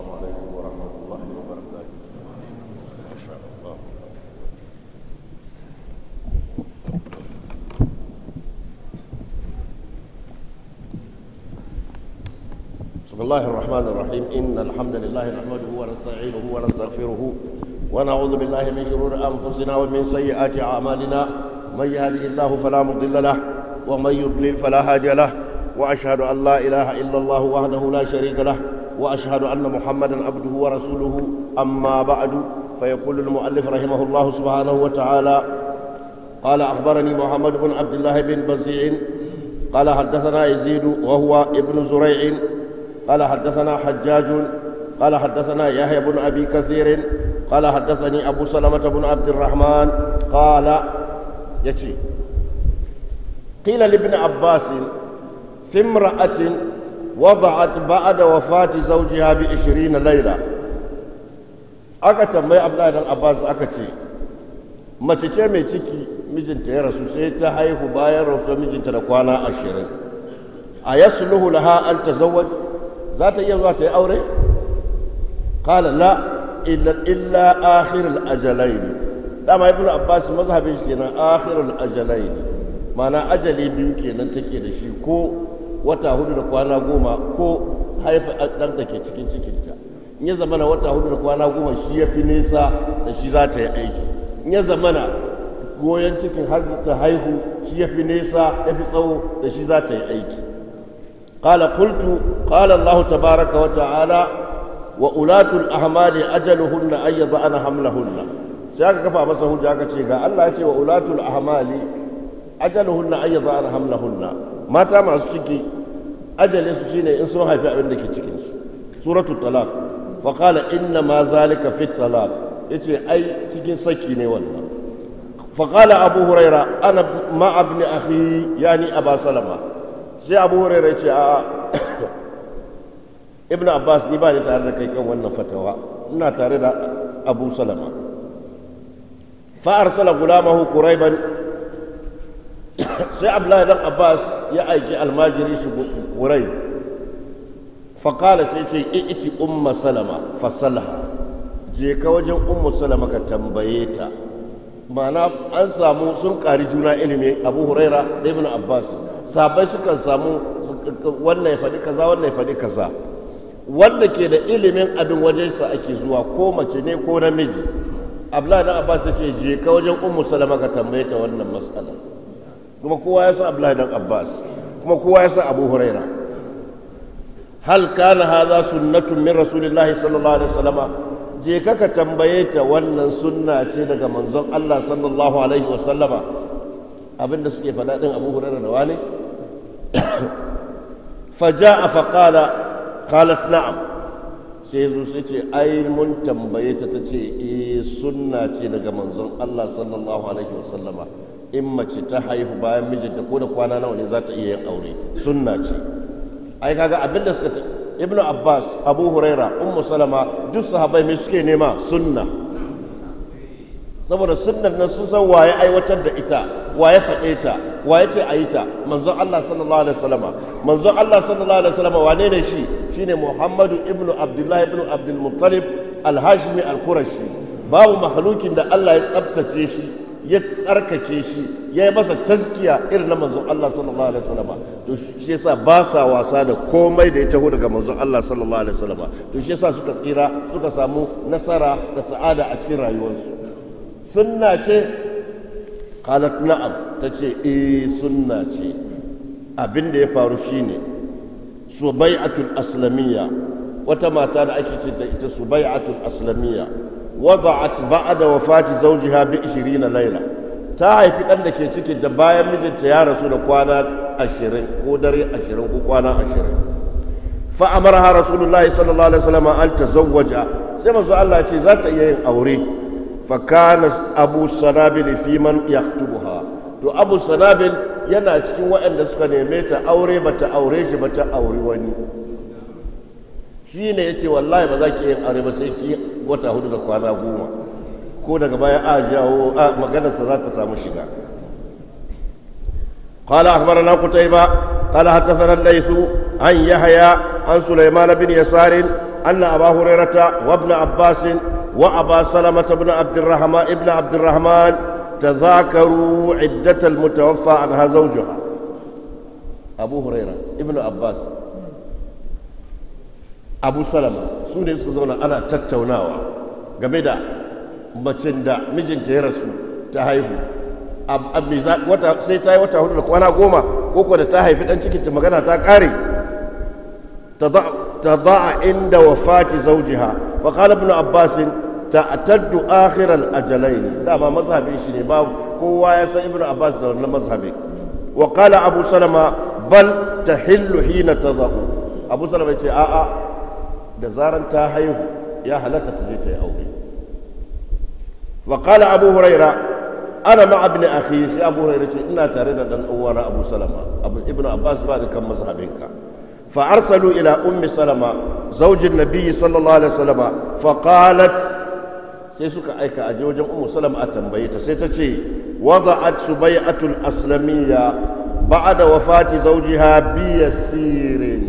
السلام عليكم ورحمة الله وبركاته ما شاء الله بسم الله الرحمن الرحيم إن الحمد لله نحمده ونستعينه ونستغفره ونعوذ بالله من شرور أنفسنا ومن سيئات أعمالنا من يهده الله فلا مضل له ومن يضلل فلا هادي له وأشهد أن لا إله إلا الله وحده لا شريك له وأشهد أن محمدا عبده ورسوله أما بعد فيقول المؤلف رحمه الله سبحانه وتعالى قال أخبرني محمد بن عبد الله بن بزيع قال حدثنا يزيد وهو ابن زريع قال حدثنا حجاج قال حدثنا يحيى بن أبي كثير قال حدثني أبو سلمة بن عبد الرحمن قال يتي قيل لابن عباس في امرأة وضعت بعد وفاة زوجها بعشرين ليلة aka tambayi abdullahi dan abbas aka ce mace ce mai ciki mijinta ya rasu sai ta haihu bayan rasuwar mijinta da kwana ashirin a yasluhu laha an tazawwaj za iya zuwa ta yi aure qala la illa illa akhirul ajalain dama ibn abbas mazhabin shi kenan akhirul ajalain ma'ana ajali biyu kenan take da shi ko wata hudu da kwana goma ko haifa ɗan da ke cikin cikinta in ya zamana wata hudu da kwana goma shi ya fi nesa da shi za ta yi aiki in ya zamana goyon cikin har ta haihu shi ya fi nesa ya fi tsawo da shi za ta yi aiki قال قلت قال الله تبارك وتعالى وأولاة الأحمال أجلهن أن يضعن حملهن سيأكا كفا مسا هجا كتشيغا الله يتي وأولاة الأحمال ajaluhunna an yadhara hamlahunna mata masu ciki ajalin su shine in sun haifi abin da ke cikin su suratul talaq fa qala inna ma zalika fi talaq yace ai cikin saki ne wannan fa qala abu huraira ana ma ibn akhi yani aba salama sai abu huraira yace a ibn abbas ni ba ni tare da kai kan wannan fatawa ina tare da abu salama fa arsala gulamahu quraiban sai abdullahi dan abbas ya aiki almajiri shi wurai faƙala sai ce iti umma salama fasalha je ka wajen umma salama ka tambaye ta ma'ana an samu sun ƙari juna ilimi abu huraira da ibn abbas sabai sukan samu wannan ya faɗi kaza wannan ya faɗi kaza wanda ke da ilimin abin wajensa ake zuwa ko mace ne ko namiji abdullahi dan abbas ya ce je ka wajen umma salama ka tambaye ta wannan matsalar kuma kowa ya san abdullahi dan abbas kuma kowa ya san abu huraira hal kana hadha sunnatun min rasulillahi sallallahu alaihi wasallama je ka ka tambaye ta wannan sunna ce daga manzon Allah sallallahu alaihi wasallama abinda suke faɗa din abu huraira da wani faja'a faqala qalat na'am sai zo sai ce ai mun tambaye ta tace eh sunna ce daga manzon Allah sallallahu alaihi wasallama in mace ta haihu bayan mijinta ko da kwana nawa ne za ta iya yin aure sunna ce ai kaga abin da suka ibnu abbas abu huraira ummu salama duk sahabbai mai suke nema sunna saboda sunnar nan sun san waye aiwatar da ita waye faɗe ta waye ce a yi ta manzon Allah sallallahu alaihi wasallama manzon Allah sallallahu alaihi wasallama wane ne shi shine Muhammadu ibnu Abdullahi ibnu Abdul Muttalib al-Hashimi al-Qurashi babu mahlukin da Allah ya tsabtace shi ya tsarkake shi ya yi masa taskiya irin na manzon Allah sallallahu alaihi wasallam to shi yasa ba sa wasa da komai da ya taho daga manzon Allah sallallahu alaihi wasallam to shi yasa suka tsira suka samu nasara da sa'ada a cikin rayuwarsu sunna ce qalat na'am ta ce eh sunna ce abin da ya faru shine subai'atul aslamiyya wata mata da ake ce ita subai'atul aslamiyya wada'at ba'da wafati zawjiha bi 20 layla ta haifi dan da ke ciki da bayan mijinta ya rasu da kwana 20 ko dare 20 ko kwana 20 fa amaraha rasulullahi sallallahu alaihi wasallam an tazawwaja sai manzo Allah ce za ta iya yin aure fa kana abu sanabil fi man yaktubuha to abu sanabil yana cikin waɗanda suka neme ta aure bata aure shi bata aure wani shi ne ya ce wallahi ba za ki yin aure ba sai ki wata hudu da kwana goma ko daga bayan a jawo a maganarsa za ta samu shiga qala akhbarana qutayba qala hadathana laysu an yahya an sulaiman bin yasar anna aba hurairata wa ibn wa aba salama ibn abd arrahman ibn abd arrahman tazakaru iddat al mutawaffa anha zawjuha abu huraira ibn abbas abu salama su ne suka zauna ana tattaunawa game da macin da mijinta ya rasu ta haihu sai ta yi wata hudu da kwana goma ko kuwa da ta haifi dan cikinta magana ta kare ta za'a inda wafati zaujiha fa qala ibn abbas ta'taddu akhir al-ajalain dama mazhabin shi ne babu kowa ya san ibn abbas da wannan mazhabi wa qala abu salama bal tahillu hina tadhu abu salama ce a'a da zarar ta haihu ya halatta ta je ta yi aure wa qala abu huraira ana ma abin akhi sai abu huraira ce ina tare da dan uwana abu salama abu ibnu abbas ba da kan mazhabin fa arsalu ila ummi salama zawjin nabiyyi sallallahu alaihi wasallama fa qalat sai suka aika aje wajen ummu salama a tambaye ta sai ta ce wada'at subai'atul aslamiyya da wafati zawjiha bi yasirin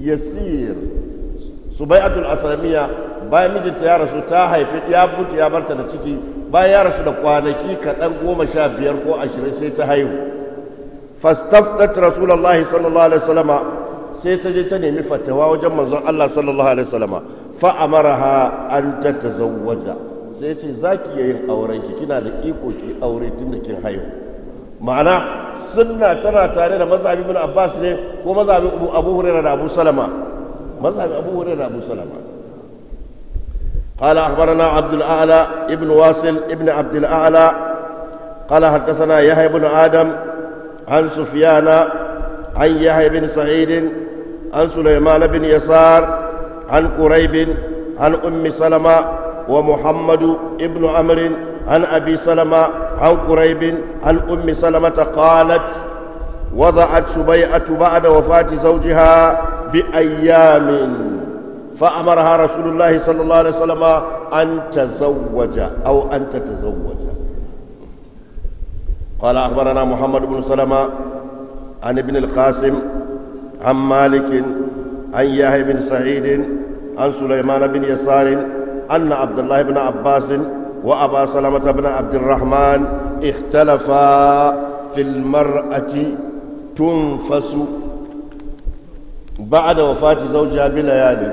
yasir, yasir. subai'atul aslamiya bayan mijinta ya rasu ta haifi ya mutu ya barta da ciki bayan ya rasu da kwanaki kaɗan goma sha biyar ko ashirin sai ta haihu fastaftat rasulullahi sallallahu alaihi wasallama sai ta je ta nemi fatawa wajen manzon Allah sallallahu alaihi wasallama fa amaraha an tatazawwaja sai ce zaki yayin auren ki kina da iko ki aure tun da kin haihu ma'ana sunna tana tare da mazhabin Abbas ne ko mazhabin Abu Hurairah da Abu Salama مذهب أبو هريرة أبو سلمة قال أخبرنا عبد الأعلى ابن واصل ابن عبد الأعلى قال حدثنا يحيى بن آدم عن سفيان عن يحيى بن سعيد عن سليمان بن يسار عن قريب عن أم سلمة ومحمد ابن أمر عن أبي سلمة عن قريب عن أم سلمة قالت وضعت سبيعة بعد وفاة زوجها بأيام فأمرها رسول الله صلى الله عليه وسلم أن تزوج أو أن تتزوج قال أخبرنا محمد بن سلمة عن ابن القاسم عن مالك عن يحيى بن سعيد عن سليمان بن يسار أن عبد الله بن عباس وأبا سلمة بن عبد الرحمن اختلفا في المرأة تنفس da wafati zaujiya bila yadin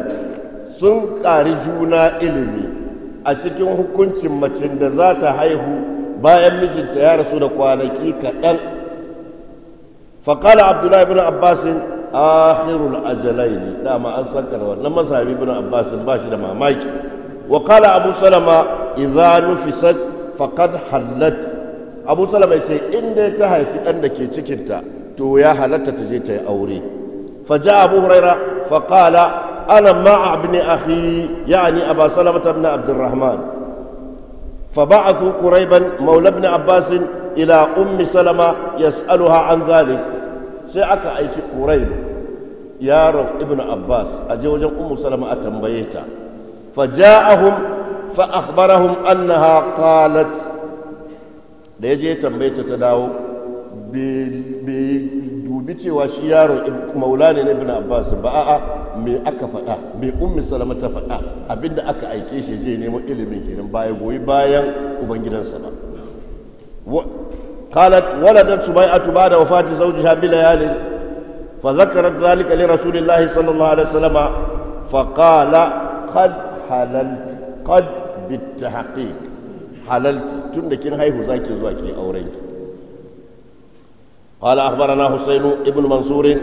sun ƙari juna ilimi a cikin hukuncin macin da za ta haihu bayan mijinta ya rasu da kwanaki kaɗan faƙala abdullahi bin abbasin akhirul ajalaini dama an san ka da wannan bin abbasin ba shi da mamaki wa qala abu salama idza nufisat faqad hallat abu salama yace inda ta haifi ɗan da ke cikinta to ya halatta ta je ta yi aure فجاء أبو هريرة فقال أنا مع ابن أخي يعني أبا سلمة بن عبد الرحمن فبعثوا قريبا مولى ابن عباس إلى أم سلمة يسألها عن ذلك سيأك أيك قريب يارو ابن عباس أجي وجن أم سلمة أتنبيتا فجاءهم فأخبرهم أنها قالت da ya je tambaye ta dawo bi cewa shi yaro maula ne na ibn abbas ba a'a me aka faɗa me ummi salama ta faɗa abinda aka aike shi je nemo ilimin kenan baya goyi bayan ubangidansa ba قالت ولدت سبيعة بعد وفاة زوجها بليال فذكرت ذلك لرسول الله صلى الله عليه وسلم فقال قد حللت قد بالتحقيق حللت تندكين هاي هو زاكي زواكي أورينكي قال أخبرنا حسين بن منصور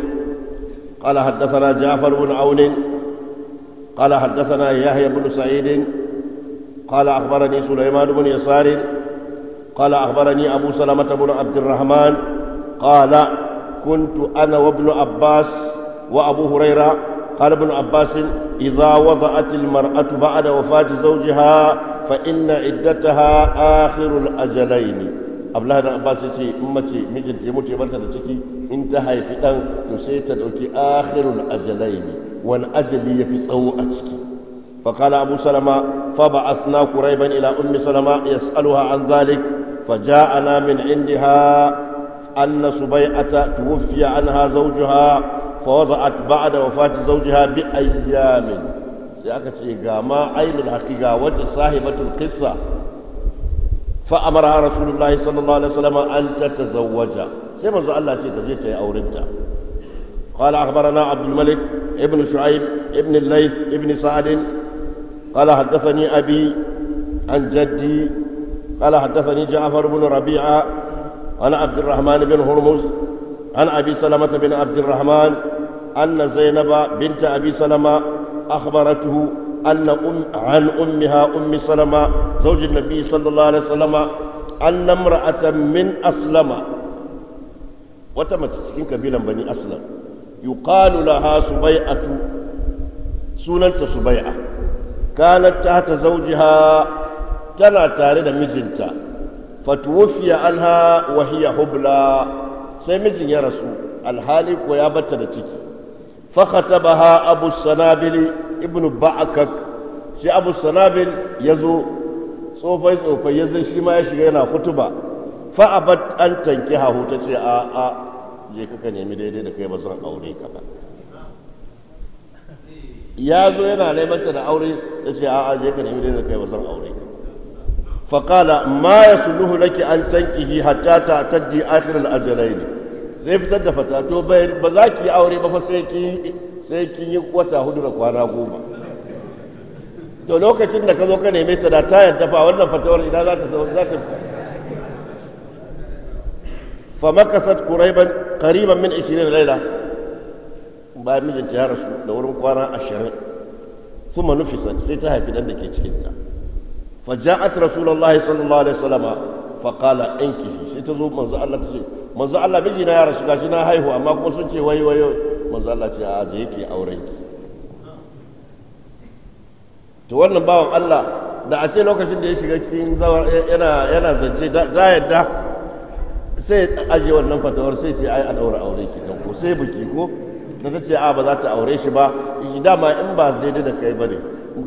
قال حدثنا جعفر بن عون قال حدثنا يحيى بن سعيد قال أخبرني سليمان بن يسار قال أخبرني أبو سلمة بن عبد الرحمن قال كنت أنا وابن عباس وأبو هريرة قال ابن عباس إذا وضعت المرأة بعد وفاة زوجها فإن عدتها آخر الأجلين abdullahi dan abbas yace in mace mijinta ya mutu ya barta da ciki in ta haifi dan to sai ta dauki akhirul ajalaini wani ajali yafi tsawo a ciki فقال أبو سلمة فبعثنا قريبا إلى أم سلمة يسألها عن ذلك فجاءنا من عندها أن سبيعة توفي عنها زوجها فوضعت بعد وفاة زوجها بأيام سيأكتي قاما عين الحقيقة وجه صاحبة القصة فأمرها رسول الله صلى الله عليه وسلم أن تتزوج سيما الله تتزيت يا أورنتا قال أخبرنا عبد الملك ابن شعيب ابن الليث ابن سعد قال حدثني أبي عن جدي قال حدثني جعفر بن ربيعة عن عبد الرحمن بن هرمز عن أبي سلمة بن عبد الرحمن أن زينب بنت أبي سلمة أخبرته أن أم عن أمها أم سلمة زوج النبي صلى الله عليه وسلم أن امرأة من أسلم وتمت تسكين كبيرا بني أسلم يقال لها سبيعة سننت سبيعة كانت تحت زوجها تنا تارد مجنتا فتوفي عنها وهي هبلة سيمجن يا رسول الحالي ويابت نتيجي فختبها أبو السنابل ibn ba'akak shi abu sanabil ya zo tsofai tsofai ya zai shi ma ya shiga yana kutuba fa abat an tanki hahu ta ce a a je kaka nemi daidai da kai ba zan aure ka ba ya zo yana neman ta da aure ya ce a a je ka nemi daidai da kai ba zan aure ka فقال ما يصلح لك أن تنكه حتى تعتدي آخر ba za ki aure ba fa sai ki. sai kin yi wata hudu da kwana goma to lokacin da ka zo ka neme ta da ta yadda fa wannan fatawar ina za ta za ta fa makasat quraiban qariban min 20 laila ba mijinta ya rasu da wurin kwana 20 thumma nufisat sai ta haifi dan da ke cikin ta fa ja'at rasulullahi sallallahu alaihi wasallama fa qala inkihi sai ta zo manzo Allah ta ce manzo Allah mijina ya rasu gashi na haihu amma kuma sun ce wai wai manzala ce a je ke auren ki to wannan bawan Allah da a ce lokacin da ya shiga cikin eh, yana yana zance da yadda sai aje wannan fatawar sai ce ai a daura aure ki ko sai buki ko na ta ce a ba za ta aure shi ba dama in ba daidai da kai bane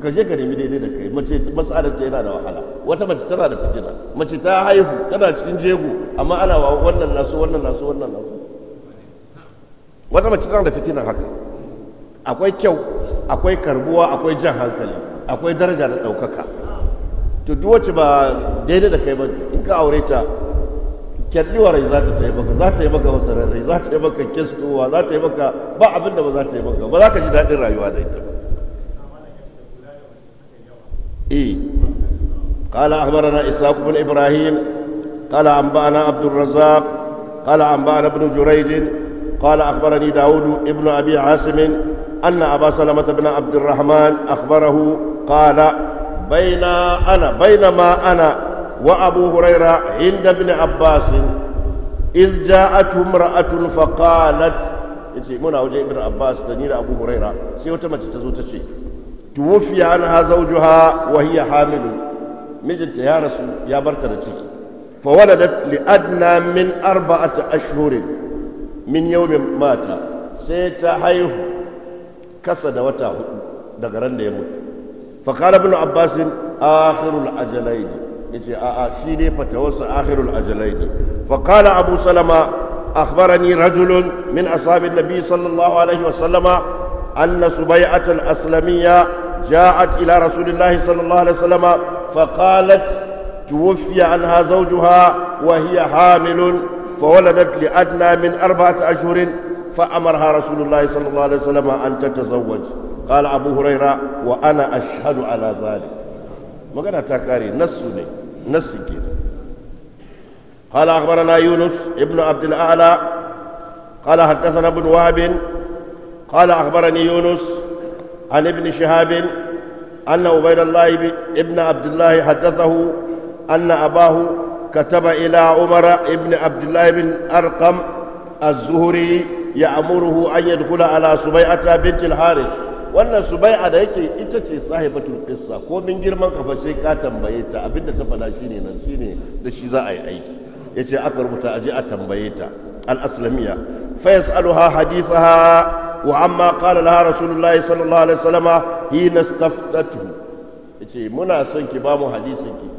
ka je ka nemi daidai da kai mace masu ta yana da wahala wata mace tana da fitina mace ta haihu tana cikin jego amma ana wa wannan nasu wannan nasu wannan nasu wata mace tana da fitina haka akwai kyau akwai karbuwa akwai jan hankali akwai daraja da ɗaukaka to duk wacce ba daidai da kai ba in ka aure ta kyalliwar za ta taimaka yi maka za ta yi maka wasu rarrai za ta yi maka kistowa za ta yi maka ba abin da ba za ta yi maka ba za ka ji daɗin rayuwa da ita ba قال أخبرنا إسحاق بن إبراهيم قال أنبأنا عبد الرزاق قال أنبأنا ابن جريج قال أخبرني داود ابن أبي عاصم أن أبا سلمة بن عبد الرحمن أخبره قال بين أنا بينما أنا وأبو هريرة عند ابن عباس إذ جاءته امرأة فقالت منا وجه ابن عباس دنيل أبو هريرة سيوتما تتزوتشي توفي عنها زوجها وهي حامل mijinta ya rasu ya barta da ciki fawaladat li adna min arba'ati ashhurin min yawmin mata sai ta haihu kasa da wata hudu daga ran da ya mutu fa bin Abbasin akhirul ajalain yace a a shi ne fatawarsa akhirul ajalain fa qala abu salama أخبرني رجل من أصحاب النبي صلى الله عليه وسلم أن سبيعة الأسلمية جاءت إلى رسول الله صلى الله عليه وسلم فقالت توفي عنها زوجها وولدت لأدنى من أربعة أشهر فأمرها رسول الله صلى الله عليه وسلم أن تتزوج قال أبو هريرة وأنا أشهد على ذلك ما كان تكاري نسني نسكي قال أخبرنا يونس ابن عبد الأعلى قال حدثنا ابن وهب قال أخبرني يونس عن ابن شهاب أن عبيد الله ابن عبد الله حدثه أن أباه كتب إلى عمر بن عبد الله بن أرقم الزهري يأمره أن يدخل على سبيعة بنت الحارث wannan subai'a da yake ita ce sahibatul qissa ko min girman kafa sai ka tambaye ta abinda ta faɗa shine nan shine da shi za a yi aiki yace aka rubuta aje a tambaye ta al aslamiya fa yasaluha hadithaha wa amma qala laha rasulullahi sallallahu alaihi wasallama hina istaftatu yace muna son ki ba mu hadisin ki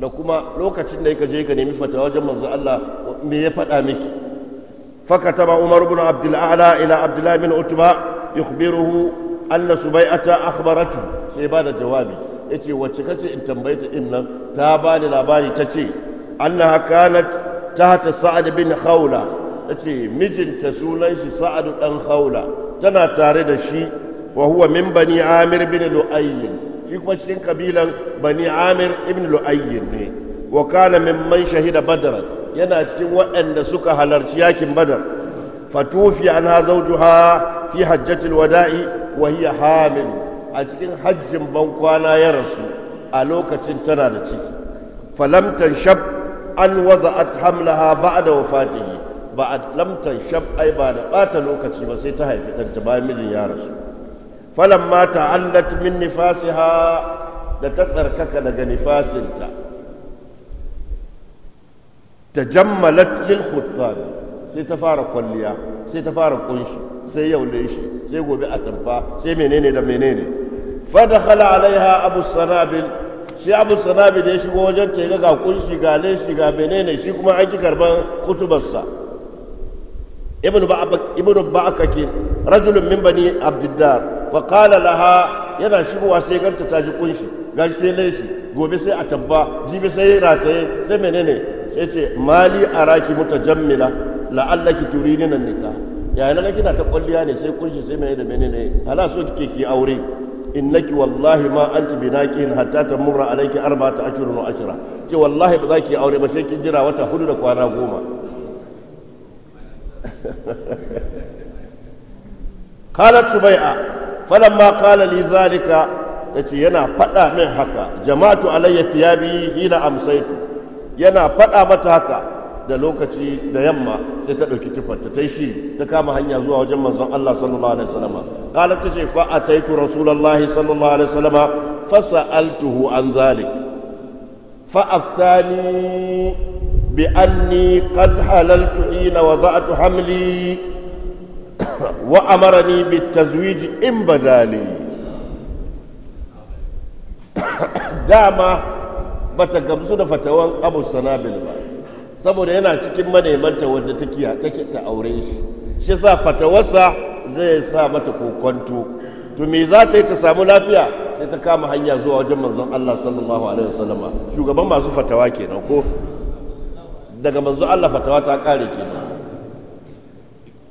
da kuma lokacin da yake je ka nemi fatawa wajen manzo Allah me ya faɗa miki fakataba Umar ibn Abdul A'la ila Abdullah ibn Utba yukhbiruhu anna Subai'ata akhbaratu sai ba da jawabi yace wacce kace in tambaye ta din nan ta ba ni labari ta ce annaha kanat tahta Sa'ad bin Khawla yace mijinta sunan shi Sa'ad dan Khawla tana tare da shi wa huwa min bani Amir bin Lu'ayyin shi kuma cikin kabilan bani amir ibn lu'ayyin ne wa kana mimman shahida Badar yana cikin waɗanda suka halarci yakin badar fatufi an ha zawjuha fi hajjatil wada'i wa hiya hamil a cikin hajjin bankwana ya rasu a lokacin tana da ciki falam tanshab an wada'at hamlaha ba'da wafatihi ba lam tanshab ai ba da bata lokaci ba sai ta haifi ɗanta bayan mijin ya rasu falamma allat min nifasiha da ta tsarkaka daga nifasinta tajammalat lil khuttab sai ta fara kwalliya sai ta fara kunshi sai yau shi sai gobe a tamfa sai menene da menene fadakhala alaiha abu sanabil shi abu sanabil ya shigo wajen ta ga kunshi ga leshi ga menene shi kuma an ki karban kutubarsa ibnu ba'aka ibnu ba'aka rajulun min bani abdiddar faƙala laha yana shigowa sai ganta ta ji kunshi gashi sai laishi gobe sai a tabba jibi sai rataye sai menene sai ce mali a raki muta jammila la'allaki turini nan nika yayin na kina ta kwalliya ne sai kunshi sai menene da menene hala so kike ki aure innaki wallahi ma anti binaqin hatta tamurra alayki arba'ata ashhurun wa ashra ce wallahi ba za ki aure ba sai kin jira wata hudu da kwana goma قالت سبيعه falamma qala li zalika yace yana faɗa min haka jama'atu alayya thiyabi hina amsaitu yana faɗa mata haka da lokaci da yamma sai ta ɗauki tufarta ta shi ta kama hanya zuwa wajen manzon Allah sallallahu alaihi wasallam qala ta ce fa ataitu rasulullahi sallallahu alaihi wasallam fa sa'altuhu an zalik fa aftani bi anni qad halaltu hina wada'tu hamli wa amarani tazwiji in badali dama bata gamsu da fatawan abu sanabil ba saboda yana cikin manemanta wanda take ta aure shi shi sa fatawarsa zai sa mata kokonto to me za ta yi ta samu lafiya sai ta kama hanya zuwa wajen manzon Allah sallallahu alaihi wasallama shugaban masu fatawa kenan ko daga manzon Allah fatawa ta kare kenan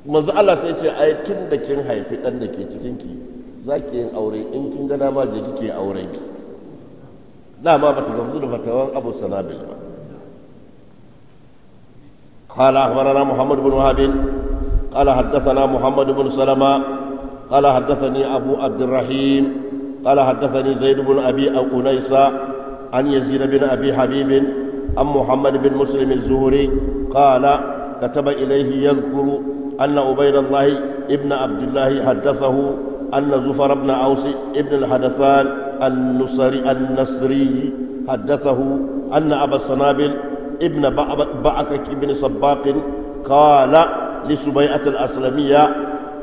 manzo Allah sai ce ai tun da kin haifi dan da ke cikin ki zaki yin aure in kin ga dama je kike auren ki dama bata gamsu da fatawan Abu Sanabil ba قال أخبرنا محمد بن وهب قال حدثنا محمد بن سلمة قال حدثني أبو عبد الرحيم قال حدثني زيد بن أبي أو أنيسة عن يزيد بن أبي حبيب عن محمد بن مسلم الزهري قال كتب إليه يذكر أن عبيد الله ابن عبد الله حدثه أن زفر بن أوس ابن الحدثان النصري, النصري حدثه أن أبا السنابل ابن بعكك بن صباق قال لسبيعة الأسلمية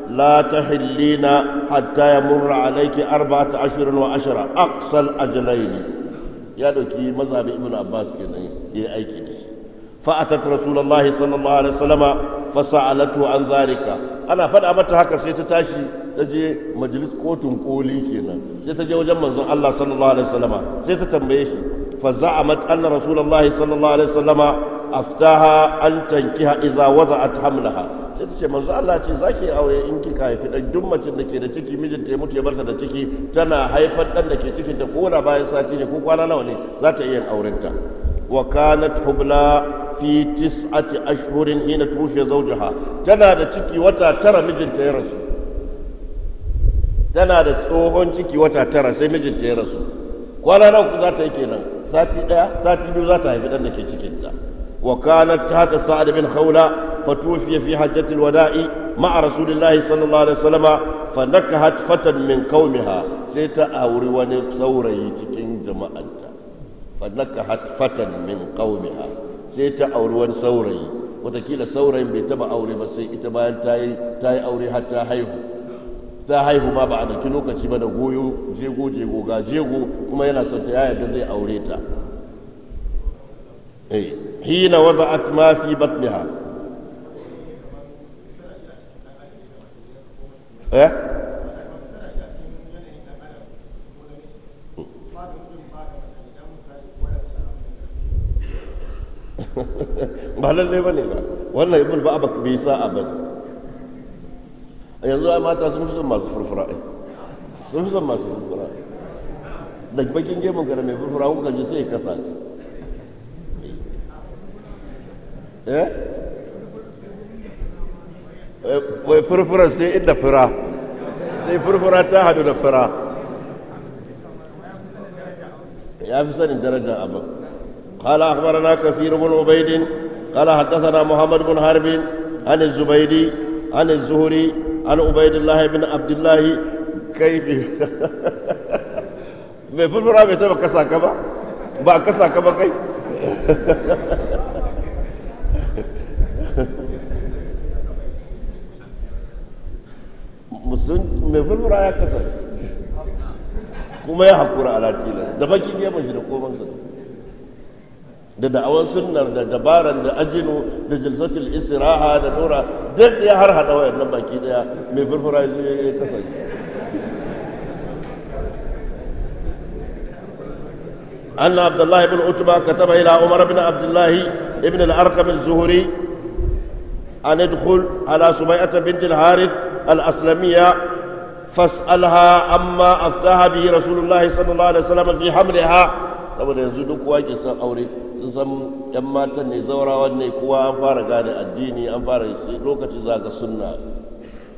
لا تحلين حتى يمر عليك أربعة أشهر وعشرة أقصى الأجلين يا دوكي مذهب ابن عباس كنا يا أيكي fa’atar rasulullahi sallallahu alaihi wasallama fasa’alatu an zarika ana faɗa mata haka sai ta tashi ta je majalis kotun koli kenan sai ta je wajen manzon Allah sallallahu alaihi wasallama sai ta tambaye shi fa za'a anna rasulullahi sallallahu alaihi wasallama aftaha an tankiha idza wada'at hamlaha sai ta ce manzo Allah ce zaki aure in kika ka haifi dan duk macin da ke da ciki mijinta ya mutu ya barta da ciki tana haifar dan da ke cikin ta kona bayan sati ne ko kwana nawa ne za ta iya aurenta wa kanat hubla fi tis'ati ashhurin hina tushe zawjaha tana da ciki wata tara mijinta ya rasu tana da tsohon ciki wata tara sai mijinta ya rasu kwana na ku za ta yi kenan sati daya sati biyu za ta haifi dan dake cikin ta wa kanat tahta sa'ad bin khawla fa tufiya fi hajjatil wada'i ma'a rasulillahi sallallahu alaihi wasallama fa nakahat fatan min qaumiha sai ta auri wani saurayi cikin jama'anta fa nakahat fatan min qaumiha sai ta auri wani saurayi watakila saurayin bai taba aure ba sai ita bayan ta yi aure har ta haihu ta haihu ma ba a daki lokaci ba da goyo jego jego ga jego kuma yana son ta yaya da zai aure ta eh, hina a ma fi batniha eh ba lallai ne ba wannan ibn ba abu bai sa'a bane yanzu ai mata sun fi son masu furfura ai sun fi son masu furfura da bakin gemun gara mai furfura kuka ji sai kasa eh, eh wai furfura sai inda fura sai furfura ta hadu da fura ya fi sanin daraja abin قال أخبرنا كثير بن عبيد قال حدثنا محمد بن حرب عن الزبيدي عن الزهري عن عبيد الله بن عبد الله كيف mai furfura bai taba kasa ka ba kasa ka ba kai mai furfura ya kasa kuma ya haƙura ala tilas da bakin gefen da da'awar sunnar da dabarar da ajinu da jilsatul isra'a da dora duk ya har hada wayar nan baki daya mai furfura ya zuwa ya kasance anna abdullah ibn utba kataba umar bin abdullah ibn al-arqam az-zuhri an adkhul ala subai'ah al aslamiya al-aslamiyya fas'alha amma aftaha bi rasulullah sallallahu alaihi wasallam fi hamliha saboda yanzu duk kowa ke son aure sun san yan matan ne zaurawan ne kowa an fara gane addini an fara yi lokaci za ga sunna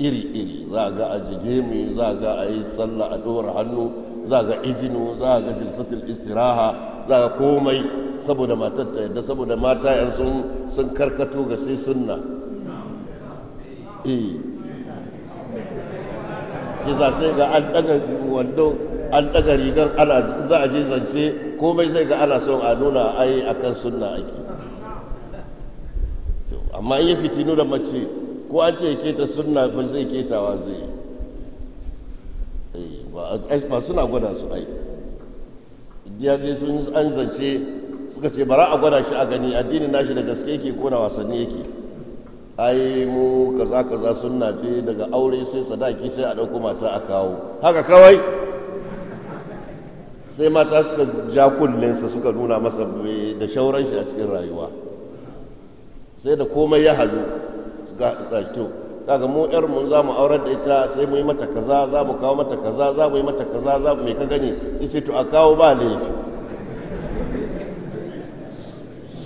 iri-iri za ga a jigemi za ga a yi sallah a ɗora hannu za ga ijinu za ga jilsatul istiraha za ga komai saboda matar ta yadda saboda mata yan sun karkato ga sai sunna eh ki sai ga an ɗaga wando an ɗaga rigan ana za a je zance komai zai ga ana son a nuna ai akan sunna ake amma in ya fitinu da mace ko an ce ya keta sunna ba zai ketawa zai eh, ba suna gwada su ai ya zai sun an zance suka ce bara a gwada shi a gani addinin nashi da gaske yake ko da wasanni yake ai mu kaza kaza sunna ce daga aure sai sadaki sai a ɗauko mata a kawo haka kawai sai mata suka ja kullinsa suka nuna masa da shauran shi a cikin rayuwa sai da komai ya halu suka to kaga mu yar mun za mu aurar da ita sai mu yi mata kaza za mu kawo mata kaza za mu yi mata kaza za mu ka gani sai to a kawo ba laifi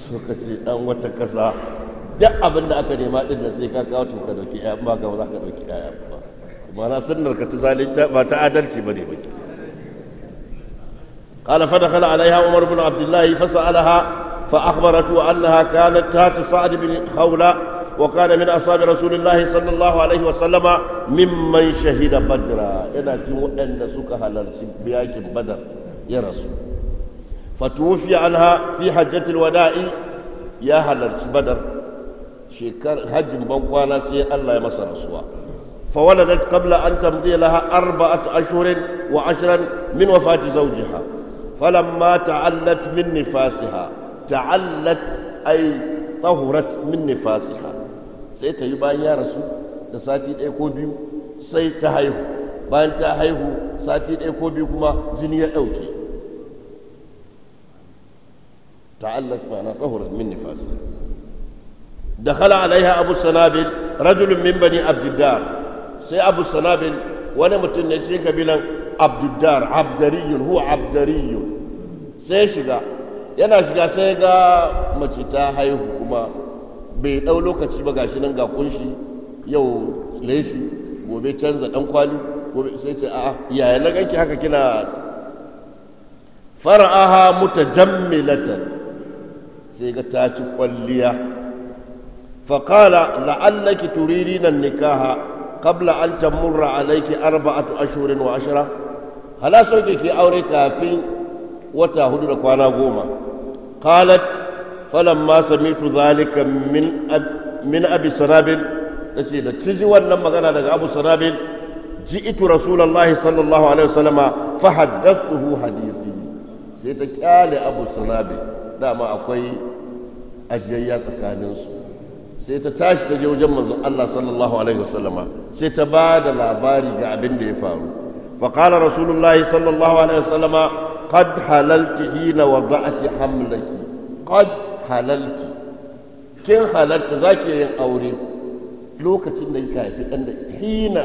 suka ce dan wata kaza duk abin da aka nema din nan sai ka kawo to ka dauki ƴaƴan ba ka ba za ka dauki ƴaƴan ba ma'ana sunnar ka ta zalunta ba ta adalci bane ba قال فدخل عليها عمر بن عبد الله فسألها فأخبرته أنها كانت تات سعد بن خولة وكان من أصحاب رسول الله صلى الله عليه وسلم ممن شهد بدرا إن أن سكها لرسبياك بدر يا رسول فتوفي عنها في حجة الوداع يا هلرس بدر شكر حج بوانا سي الله يمسى رسوله فولدت قبل أن تمضي لها أربعة أشهر وعشرا من وفاة زوجها فلما تعلت من نفاسها تعلت أي طهرت من نفاسها سيتا يبان يا رسول da sati ɗaya ko biyu sai ta haihu bayan ta haihu sati ɗaya ko biyu kuma jini ya ɗauke ta'allat ma'ana tsahurat min nifasi dakhala alaiha abu sanabil rajulun min bani abdiddar sai abu wani mutum ne cikin kabilan abduddar abdariyun huwa abdariyun sai shiga yana shiga sai ga mace ta haihu kuma bai ɗau lokaci ba gashi nan ga kunshi yau leshi gobe canza ɗan kwali gobe sai ce a'a yaya na ganki haka kina far'aha mutajammilatan sai ga ta ci kwalliya faƙala la'allaki turirina nikaha kabla an tamurra alaiki arba'atu ashirin wa ashara hala so ke ta aure kafin wata hudu da kwana goma qalat falamma samitu zalika min min abi sanabil ce da tiji wannan magana daga abu sanabil ji'tu Rasulallah sallallahu alaihi wasallama fa haddathtuhu hadithi sai ta kyale abu sanabil dama akwai ajiyayya tsakaninsu sai ta tashi ta je wajen manzon Allah sallallahu alaihi wasallama sai ta ba da labari ga abin da ya faru فقال رسول الله صلى الله عليه وسلم قد حللت حين وضعت حملك قد حللت kin halarta za yin aure lokacin da kika haifi ɗan da hina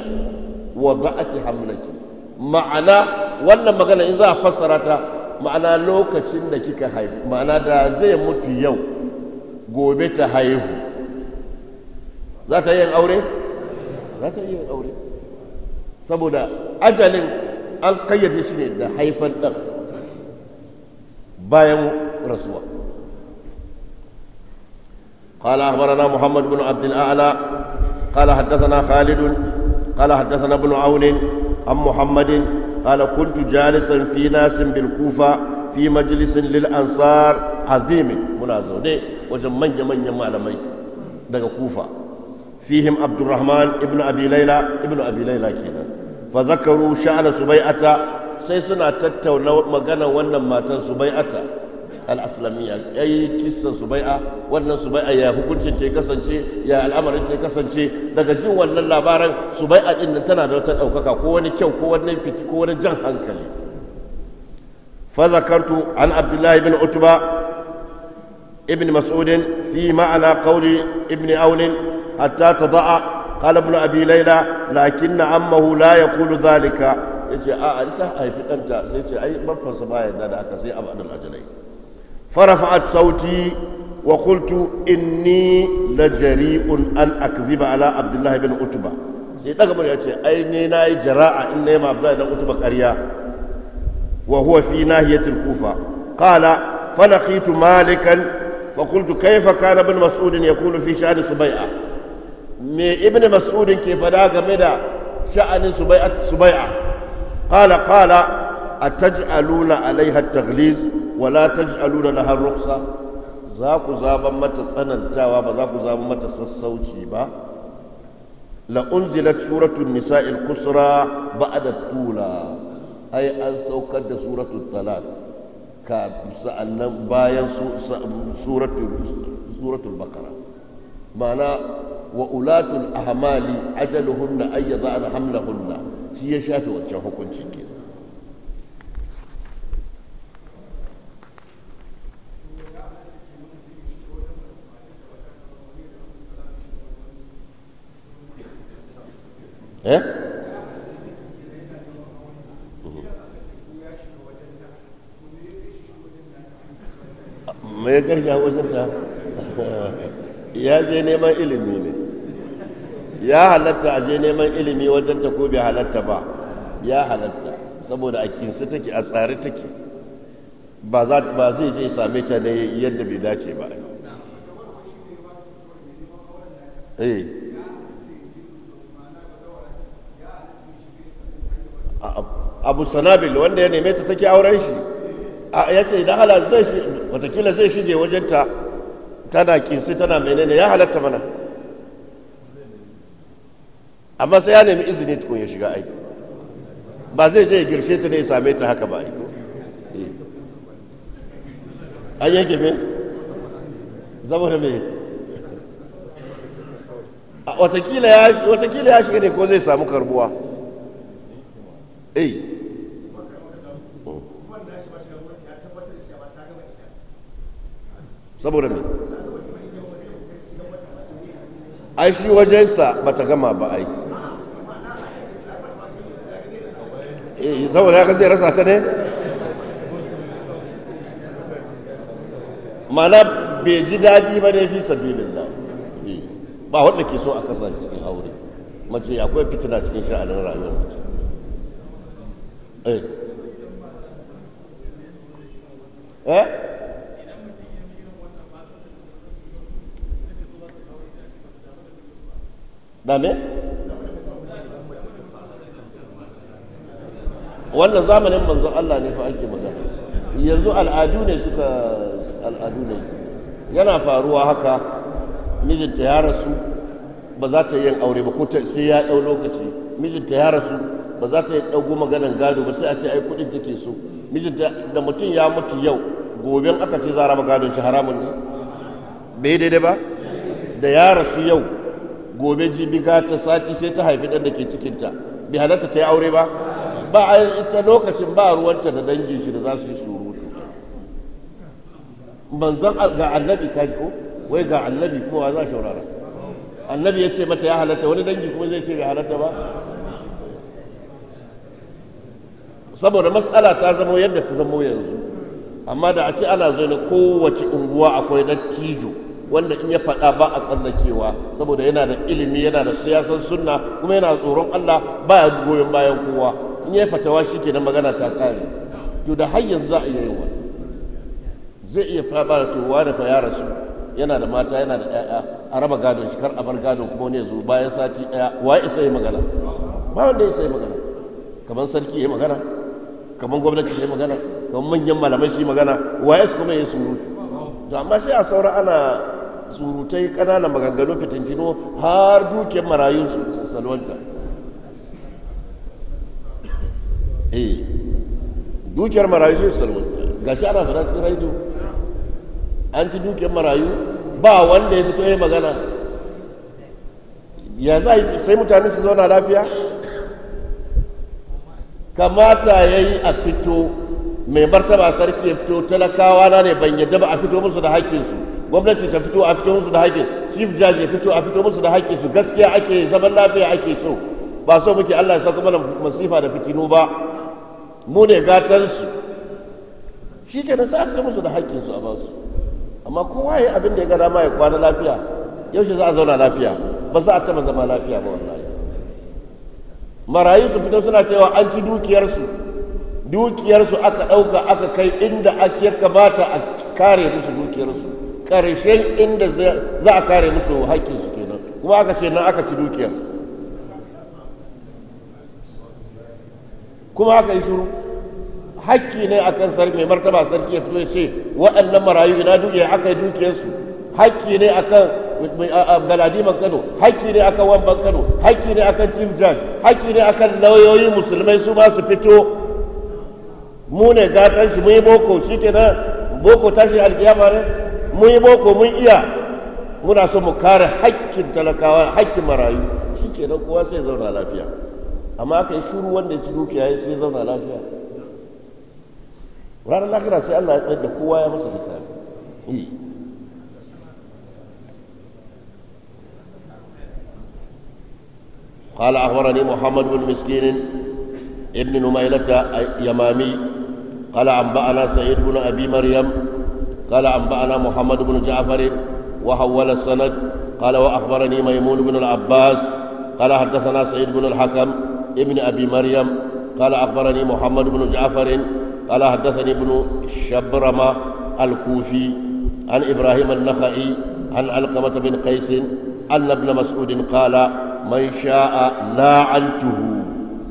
wa za'ati hamlaki ma'ana wannan magana za a fassara ta ma'ana lokacin da kika haifi ma'ana da zai mutu yau gobe ta haihu za ta yin aure za ta yin aure saboda ajalin an kayyade shi ne da haifan ɗan bayan rasuwa قال أخبرنا محمد بن عبد الأعلى قال حدثنا خالد قال حدثنا ابن عون عن محمد قال كنت جالسا في ناس بالكوفة في مجلس للأنصار عظيم منازوني وجم من يمن يمالمي دقا كوفة فيهم عبد الرحمن ابن أبي ليلى ابن أبي ليلى كينا fa zakaru sha'ana subai'ata sai suna tattauna magana wannan matan subai'ata al-aslamiyya yayi kissan subai'a wannan subai'a ya hukuncin ta kasance ya al'amarin ta kasance daga jin wannan labaran subai'a din nan tana da wata daukaka ko wani kyau ko wani fiti ko wani jan hankali fa zakartu an abdullahi bin utba ابن مسعود في معنى قول ابن أون حتى تضع قال ابن أبي ليلى لكن عمه لا يقول ذلك يجي آه أنت هاي في أنت يجي أي مرفن سبايا دادا a أبعد الأجلين فرفعت صوتي وقلت إني لجريء أن أكذب على ala Abdullahi بن عتبة sai daga murya ce ai ne na yi jara'a in ne ma abdullahi dan utuba ƙarya wa huwa fi nahiyatil kufa qala fa malikan fa qultu kayfa kana ibn mas'ud yaqulu fi sha'n subai'a me ibn mas'udin ke fada game da sha'anin subai'a qala qala ataj'aluna alaiha at-taghliz wa la taj'aluna laha ar-rukhsa za ku zaban mata tsanantawa ba za ku zaban mata sassauci ba la unzilat suratul nisa'i al ba'da tula ai an saukar da suratul talaq ka sa'annan bayan suratul suratul baqara ma'ana wa ahamali ahmali ajaluhunna ay yadhana hamlahunna shi ya shafe wancan hukunci ke eh mai karshe wajen ta ya je neman ilimi ne ya halatta a je neman ilimi wajen ta ko bai halatta ba ya halatta saboda a kinsu take a tsare take ba zai je same ta ne yadda bai dace ba eh. abu sanabil wanda ya neme ta take auren shi ya ce idan ala zai shi watakila zai shige wajenta tana kinsu tana menene ya halatta mana amma sai ya nemi izini tukun ya shiga aiki ba zai je ya girshe ta ne ya same ta haka ba aiko eh. an yanke me zama da me watakila ya shiga ne ko zai samu karbuwa eh saboda me ai shi wajensa bata gama ba aiki Eh, saboda haka zai rasa ta ne mana bai ji daɗi ba ne fi sabilin da eh, ba wanda ke so a kasa cikin aure mace akwai fitina cikin sha'anin rayuwar mace eh da eh? me? wannan zamanin manzon Allah ne fa ake magana yanzu al'adu ne suka al'adu ne yana faruwa haka mijinta ya rasu ba za ta yin aure ba ko sai ya ɗau lokaci mijinta ya rasu ba za ta yi ɗauko maganan gado ba sai a ce ai kuɗin take so mijinta da mutum ya mutu yau gobe aka ce za a raba gadon shi haramun ne bai daidai ba da ya rasu yau gobe jibi ta sati sai ta haifi ɗan da ke cikinta bai halatta ta yi aure ba ba ita lokacin ba ruwanta da dangin shi da za su yi surutu manzan ga annabi ka ko wai ga annabi kuma wa za shaurara annabi ya ce mata ya halatta wani dangi kuma zai ce bai halatta ba saboda matsala ta zamo yadda ta zamo yanzu amma da a ce ana zai na kowace unguwa akwai dattijo wanda in ya faɗa ba a tsallakewa saboda yana da ilimi yana da siyasan sunna kuma yana tsoron Allah ba ya goyon bayan kowa in ya fatawa shi ke na magana ta kare to da har yanzu za a iya yawa zai iya fara towa da fa ya rasu yana da mata yana da 'ya'ya a raba gadon shi kar a bar gadon kuma wani ya zo bayan sati ɗaya wa isa yi magana ba wanda ya sai magana kamar sarki ya magana kamar gwamnati ya magana kamar manyan malamai su yi magana wa ya su kuma ya surutu to amma sai a saura ana surutai ƙananan maganganu fitintino har dukiyar marayu salwanta dukiyar marayu sai salwanta ga shi ana fara cikin raido an ci dukiyar marayu ba wanda ya fito ya magana ya za yi sai mutane su zauna lafiya kamata ya yi a fito mai martaba sarki ya fito talakawa na ne ban yadda ba a fito musu da haƙƙinsu gwamnati ta fito a fito musu da haƙƙin chief judge ya fito a fito musu da haƙƙinsu gaskiya ake zaman lafiya ake so ba so muke allah ya sa kuma masifa da fitinu ba mu ne gatansu shi ke nan sai musu da haƙƙinsu a basu amma kowa ya abin da ya gada ma ya kwana lafiya yaushe za a zauna lafiya ba za a taɓa zama lafiya ba wallahi marayu su fito suna cewa an ci dukiyarsu dukiyarsu aka ɗauka aka kai inda ya kamata a kare musu dukiyarsu ƙarshen inda za a kare musu haƙƙinsu kenan kuma aka ce na aka ci dukiyar kuma haka yi shuru hakki ne akan sarki mai martaba sarki ya fito ya ce waɗannan marayu ina duke aka yi dukiyarsu hakki ne akan galadiman kano hakki ne akan wamban kano hakki ne akan chief judge hakki ne akan lauyoyi musulmai su ba su fito mu ne gatan shi mun yi boko shi ke nan boko tashi alkiyama ne mun yi boko mun iya muna so mu kare hakkin talakawa hakkin marayu shi ke nan kowa sai zauna lafiya amma aka yi shuru wanda ya ci dukiya ya ce zauna lafiya ranar lahira sai allah ya tsayar da kowa ya masa hisabi قال أخبرني محمد بن مسكين ابن نميلة يمامي قال أنبأنا سعيد بن أبي مريم قال أنبأنا محمد بن جعفر وحول السند قال وأخبرني ميمون بن العباس قال حدثنا سعيد بن الحكم ابن أبي مريم قال أخبرني محمد بن جعفر قال حدثني ابن شبرمة الكوفي عن إبراهيم النخعي عن علقمة بن قيس أن ابن مسعود قال من شاء لاعنته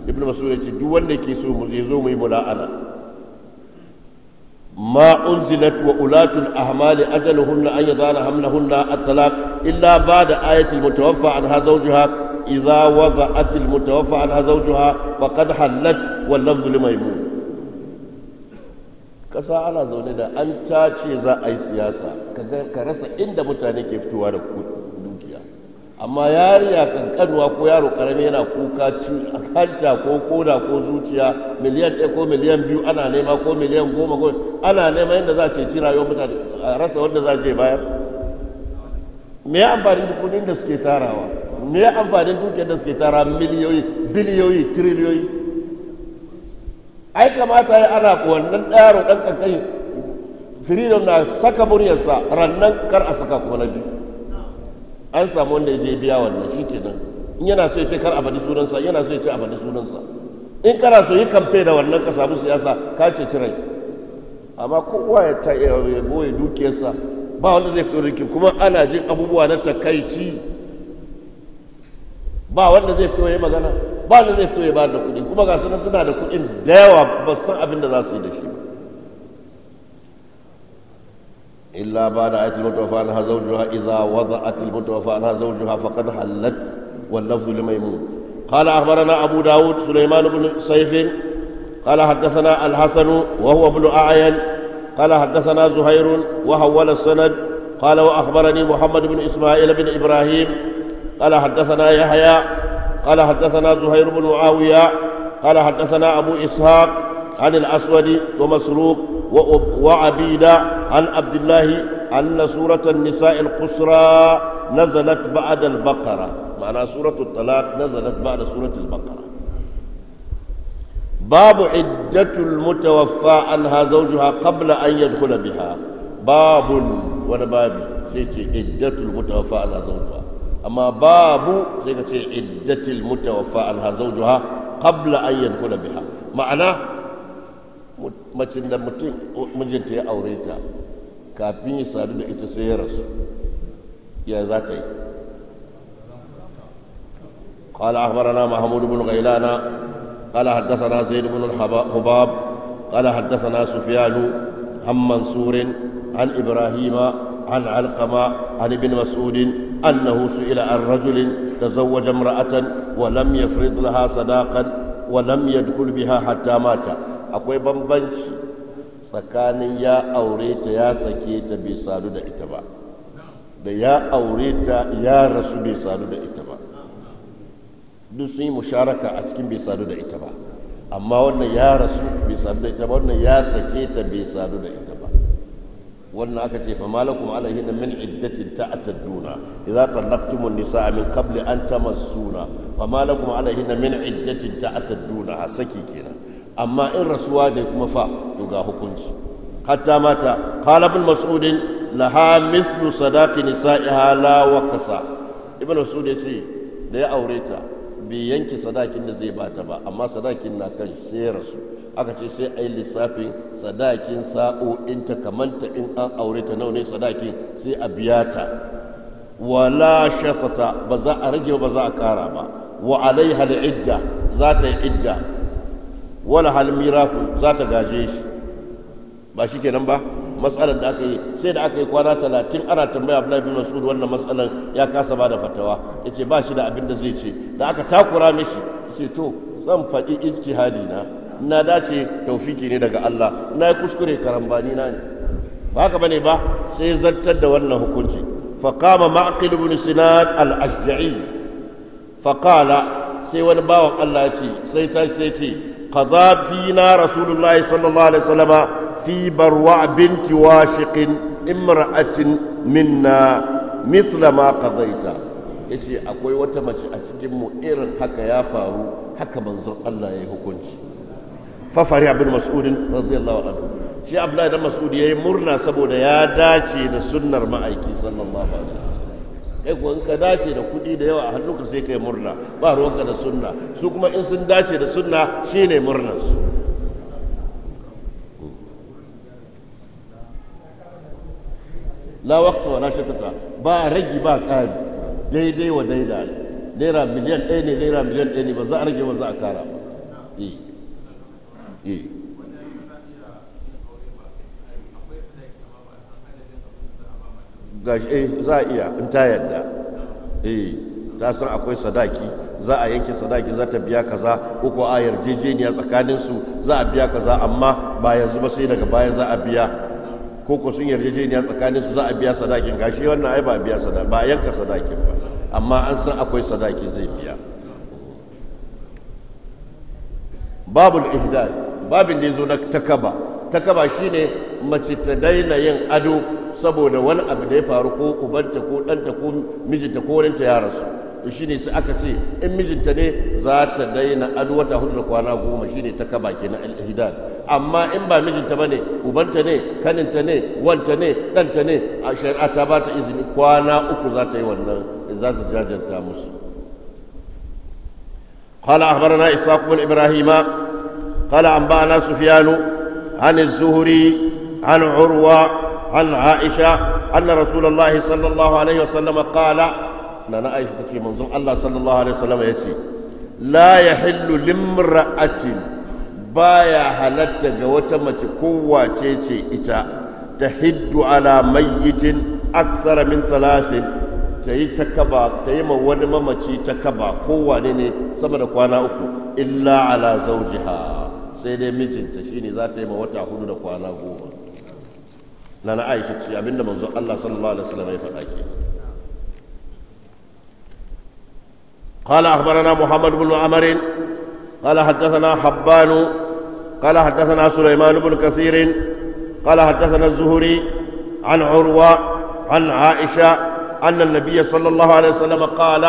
ابن مسعود دو wanda ke so mu zo mu yi mula'ana ما أنزلت وأولاة الأحمال أجلهن أن يضعن حملهن الطلاق إلا بعد آية المتوفى عنها زوجها إذا وضعت المتوفى عنها زوجها فقد حلت واللفظ لميمون كسا ana zaune da an tace za a yi siyasa ka rasa inda mutane ke fitowa da dukiya amma yariya kankanuwa ko yaro karami yana kuka ci hanta ko koda ko zuciya miliyan ɗaya ko miliyan biyu ana nema ko miliyan goma ko ana nema yadda za a ceci rayuwar mutane a rasa wanda za a je bayar me ya amfani da kudin da suke tarawa me ya amfanin dukiyar da suke tara miliyoyi biliyoyi triliyoyi ai kamata ya ana wannan ɗaro ɗan kankan firidon na saka muryarsa rannan kar a saka kuma na biyu an samu wanda ya je biya wannan shi kenan in yana so ya ce kar a bani sunansa yana so ya ce a bani sunansa in kana so yi kamfe da wannan ka samu siyasa ka ce cire amma kowa ya ta ya boye dukiyarsa ba wanda zai fito da kuma ana jin abubuwa na takaici ba wanda zai fito ya magana ba wanda zai fito ya bayar da kuɗi kuma ga suna suna da kuɗin da yawa ba san abin da za su yi da shi ba illa ba da ayatul mutawaffa anha zawjuha idza wada'at al mutawaffa anha zawjuha faqad halat wal lafzu li maymun qala akhbarana abu daud sulaiman ibn sayf قال حدثنا الحسن وهو ابن أعين قال حدثنا زهير وحول السند قال وأخبرني محمد بن إسماعيل بن إبراهيم قال حدثنا يحيى قال حدثنا زهير بن معاوية قال حدثنا أبو إسحاق عن الأسود ومسروق وعبيدة عن عبد الله أن سورة النساء القصرى نزلت بعد البقرة معنى سورة الطلاق نزلت بعد سورة البقرة باب عدة المتوفى عنها زوجها قبل أن يدخل بها باب ونبابي سيتي عدة المتوفى عنها زوجها amma babu sai ka ce iddatil mutawaffa anha zawjuha qabla an yadkhula biha ma'ana macin da mutum mijinta ya aure ta kafin ya sadu da ita sai ya rasu ya za ta yi قال أخبرنا محمود بن غيلان قال حدثنا زيد بن الحباب قال حدثنا سفيان عن منصور عن إبراهيم عن علقمة عن ابن مسعود أنه سئل عن رجل تزوج امرأة ولم يفرض لها صداقا ولم يدخل بها حتى مات أقوي بمبنش tsakanin ya aure ya sake ta bai sadu da ita ba da ya aure ya rasu bai sadu da ita ba duk sun yi musharaka a cikin bai sadu da ita ba amma wannan ya rasu bai sadu da ita ba wannan ya sake ta bai sadu da ita wannan aka ce fa malakum alayhinna min iddatin ta'tadduna idza talaqtumun nisaa min qabli an tamassuna fa malakum alayhinna min iddatin ta'tadduna saki kenan amma in rasuwa ne kuma fa to ga hukunci hatta mata qala ibn mas'ud laha mithlu sadaqi nisaiha la wakasa ibn mas'ud yace da ya aure ta bai yanke sadakin da zai bata ba amma sadakin na kan ya rasu aka ce sai a yi lissafin sadakin ta kamanta in an aure ta ne sadakin sai a biya ta wala shafata ba za a rage ba za a kara ba wa alaiha da idda za ta yi idda wala hal mirafu za ta gaje shi ba shi kenan ba matsalar da aka yi sai da aka yi kwana talatin ana tambaya Abdullahi bin Mas'ud wannan matsalar ya kasa ba da fatawa Ya ce ba shi da abin da zai ce da aka takura mishi yace to zan faɗi ijtihadi na na dace taufiki ne daga Allah na yi kuskure karambani na ne ba haka bane ba sai zartar da wannan hukunci faqama ma'qil ibn sinan al-ashja'i faqala sai wani bawan Allah ya ce sai ta sai ce qadha fina rasulullahi sallallahu alaihi wasallam fi barwa binti washiqin imra'atin minna mithla ma qadaita yace akwai wata mace a cikin mu irin haka ya faru haka manzon Allah ya yi hukunci fafari abin mas'udin mas'ud radiyallahu anhu shi abdullahi dan mas'ud yayi murna saboda ya dace da sunnar ma'aiki sallallahu alaihi wasallam kai ko in ka dace da kudi da yawa a hannunka sai kai murna ba ruwanka da sunna su kuma in sun dace da sunna shine murnar su la waqfa wala shatata ba ragi ba kari daidai wa daida naira miliyan ɗaya ne naira miliyan ɗaya ne ba za a rage ba za a kara ba eh. Eh. gashi eh za a iya in ta yadda eh ta san akwai sadaki za a yanke sadaki za ta biya kaza ko ko a yarjejeniya tsakanin su za a biya kaza amma ba yanzu ba sai daga baya za a biya ko ko sun yarjejeniya tsakanin su za a biya sadakin gashi wannan ai ba a biya sadaki ba yanka sadakin ba amma an san akwai sadaki zai biya babul ihdad babin da ya zo na takaba takaba shine mace ta daina yin ado saboda wani abu da ya faru ko ubanta ko ɗanta ko mijinta ko waninta ya rasu to ne sai aka ce in mijinta ne za ta daina ado wata hudu da kwana goma shine ne takaba kenan na ihdad amma in ba mijinta ne ubanta ne kaninta ne wanta ne ɗanta ne a shari'a ta ba ta izini kwana uku za ta yi wannan za ta jajanta musu قال أخبرنا إسحاق بن إبراهيم قال أنبأنا سفيان عن الزهري عن عروة عن عائشة أن رسول الله صلى الله عليه وسلم قال نانا عائشة تتي منظوم الله صلى الله عليه وسلم يتي لا يحل لامرأة بايا حلت جوتمة قوة تيتي إتا تحد على ميت أكثر من ثلاث ta yi ta kaba ta yi ma wani mamaci ta kaba kowane ne sama da kwana uku illa ala zaujiha sai dai mijinta shine za ta yi ma wata hudu da kwana goma na na aisha ce abinda manzo Allah sallallahu alaihi wasallam ya faɗa ke قال أخبرنا محمد بن عمر قال حدثنا حبان قال حدثنا سليمان بن كثير قال حدثنا الزهري عن عروة عن عائشة أن النبي صلى الله عليه وسلم قال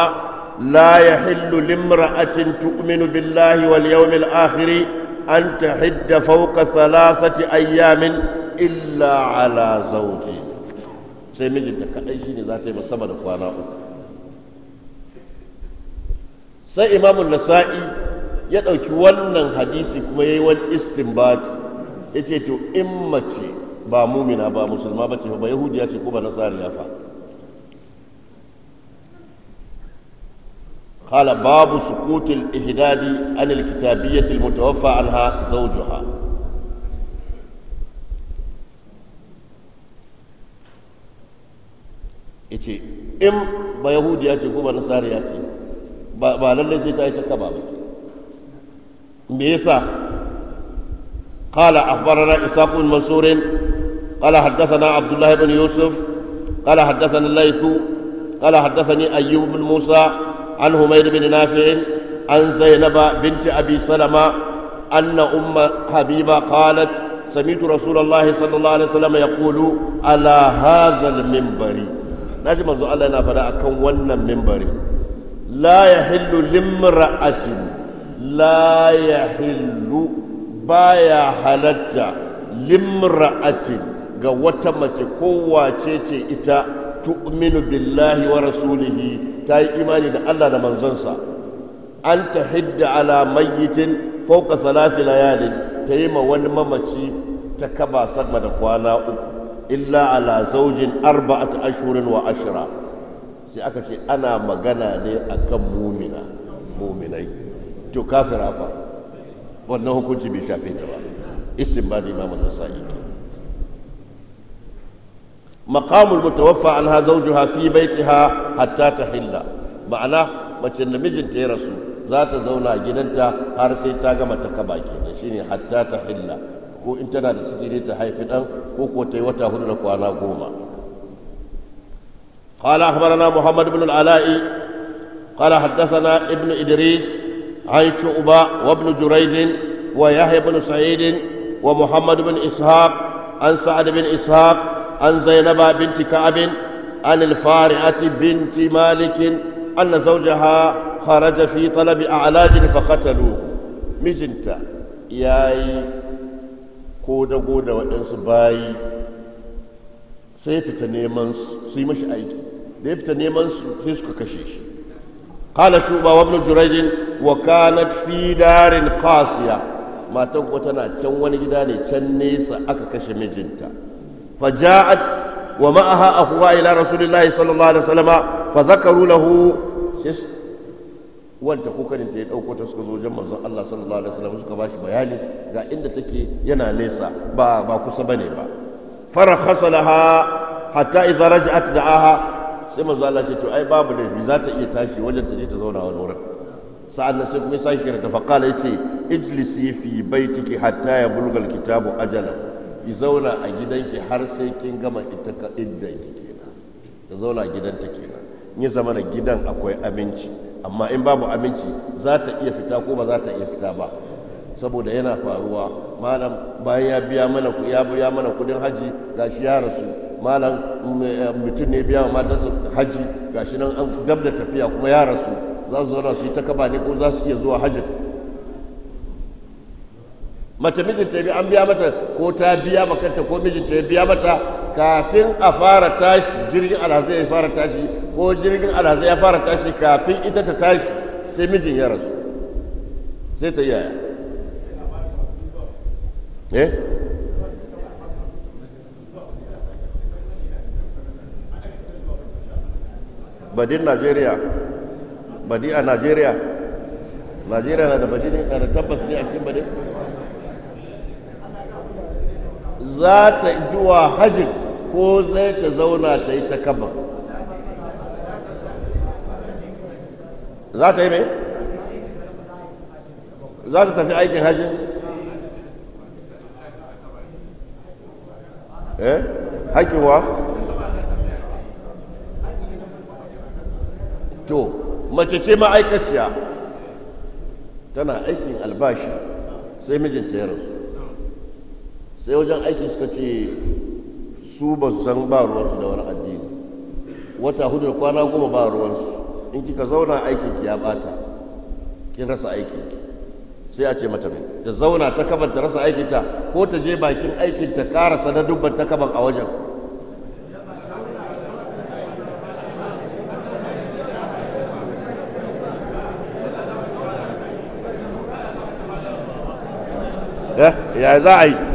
لا يحل لامرأة تؤمن بالله واليوم الآخر an ta hidda fauka salasati ayyamin illa ala zauji sai mijinta kaɗai shi ne za ta yi sama da kwana uku sai imamun nasa'i ya ɗauki wannan hadisi kuma ya yi wani istinbat ya ce to in mace ba mumina ba musulma ba ce ba yahudiya ce ko ba ya faɗi. قال باب سقوط الإهداد عن الكتابية المتوفى عنها زوجها ite in ba yahudiya ce ko ba nasariya ce ba lallai zai ta yi takaba ba me yasa qala akhbarana isaq ibn mansur qala na abdullah ibn yusuf qala haddathana laythu qala haddathani ayyub ibn musa عن همير بن نافع عن زينب بنت أبي سلمة أن أم حبيبة قالت سمعت رسول الله صلى الله عليه وسلم يقول على هذا المنبر لازم أنزل الله نفر أكون ون منبر لا يحل لامرأة لا يحل بايا حلت لامرأة ga wata mace kowace ce ita tu'minu billahi wa rasulihi ta yi imani da Allah da manzonsa an ta hidda ala mayyitin fauka salasi layalin ta yi ma wani mamaci ta kaba sama da kwana uku illa ala zaujin ta ashurin wa ashira sai aka ce ana magana ne akan mumina muminai to kafira fa wannan hukunci bai shafe ta ba istinbadi imam an-nasa'i maqamul mutawaffa anha zawjuha fi baitiha hatta tahilla ma'ana mace da mijinta ya rasu za ta zauna gidanta har sai ta gama ta kaba shi shine hatta tahilla ko in tana da ciki ta haifi dan ko ko ta yi wata hudu da kwana goma قال أخبرنا محمد بن العلاء قال حدثنا ابن إدريس عن شعبة وابن جريج ويحيى بن سعيد ومحمد بن إسحاق عن سعد بن إسحاق عن زينب بنت كعب عن الفارعة بنت مالك أن زوجها خرج في طلب أعلاج فقتلوه مجنتا ياي كودا كودا وإنس باي سيفت نيمانس سيمش أيكي ليفت نيمانس سيسك كشيش قال شوبا وابن جريج وكانت في دار قاسية ما تنقطنا تنوان جداني تنيس أكا كشمجنتا فجاءت ومعها أخوها إلى رسول الله صلى الله عليه وسلم فذكروا له wanda ta ya ɗauko ta suka zo wajen manzon Allah sallallahu alaihi wasallam suka bayani ga inda take yana nesa ba ba kusa bane ba farakhasa laha da aha raj'at da'aha sai manzon ce to ai babu laifi za ta iya tashi wajen ta je ta zauna wani wurin sa'an nan sai kuma sai kira ta faqala yace ijlisi fi baitiki hatta yablugha kitabu ajala ki zauna a gidanki har sai kin gama ita ka ki kenan ka zauna a gidanta kenan ya zama na gidan akwai abinci amma in babu abinci za ta iya fita ko ba za ta iya fita ba saboda yana faruwa malam bayan ya biya mana ya biya mana kudin haji gashi ya rasu malam mutum ne biya matarsa haji gashi nan gab da tafiya kuma ya rasu za su zauna su yi ta kaba ne ko za su iya zuwa hajji mace mijinta ya an biya mata ko ta biya makanta ko mijinta ya biya mata kafin a fara tashi jirgin alhazai ya fara tashi ko jirgin alhazai ya fara tashi kafin ita ta tashi sai mijin ya rasu sai ta yaya eh badin najeriya badi a najeriya najeriya na da badi ne na da tabbas ne a cikin badin za ta zuwa hajjin ko zai ta zauna ta yi ta kaba za ta yi mai? za ta tafi aikin hajjin? eh? haƙiwa? to mace ce ma'aikaciya tana aikin albashi sai mijinta ya rasu sai wajen aiki suka ce su ba su san ba ruwansu da wani addini wata hudu da kwana goma ba ruwansu in kika zauna aikin ki ya bata kin rasa aikin ki sai a ce mata mai ta zauna ta kaban ta rasa aikin ta ko ta je bakin aikin ta karasa na dubban ta kaban a wajen eh, ya za a yi